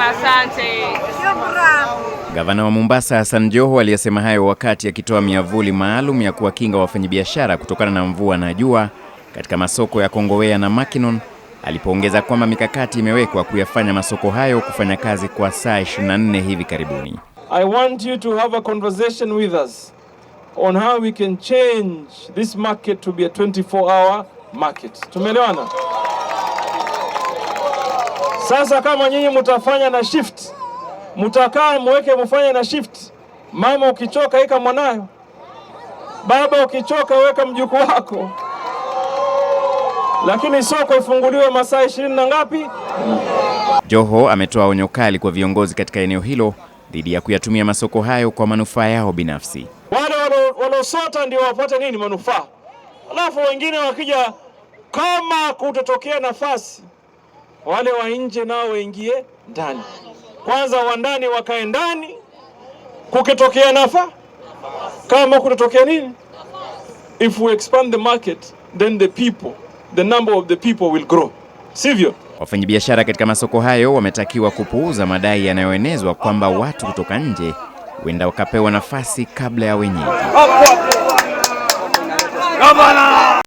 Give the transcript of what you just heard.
asante. Gavana wa Mombasa Hassan Joho aliyesema hayo wakati akitoa miavuli maalum ya kuwakinga wafanyabiashara kutokana na mvua na jua katika masoko ya Kongowea na Makinon alipoongeza kwamba mikakati imewekwa kuyafanya masoko hayo kufanya kazi kwa saa 24 hivi karibuni. I want you to have a conversation with us on how we can change this market to be a 24 hour market. Tumeelewana? Sasa kama nyinyi mutafanya na shift, mutakaa muweke mufanye na shift. Mama ukichoka weka mwanayo, baba ukichoka weka mjukuu wako, lakini soko ifunguliwe masaa ishirini na ngapi? Joho ametoa onyo kali kwa viongozi katika eneo hilo dhidi ya kuyatumia masoko hayo kwa manufaa yao binafsi. Wale walosota ndio wapate nini manufaa, alafu wengine wakija, kama kutotokea nafasi wale wa nje nao waingie ndani. Kwanza wa ndani wakae ndani, kukitokea nafa kama kutatokea nini? If we expand the market then the people the number of the people will grow, sivyo? Wafanyabiashara katika masoko hayo wametakiwa kupuuza madai yanayoenezwa kwamba watu kutoka nje huenda wakapewa nafasi kabla ya wenyeji.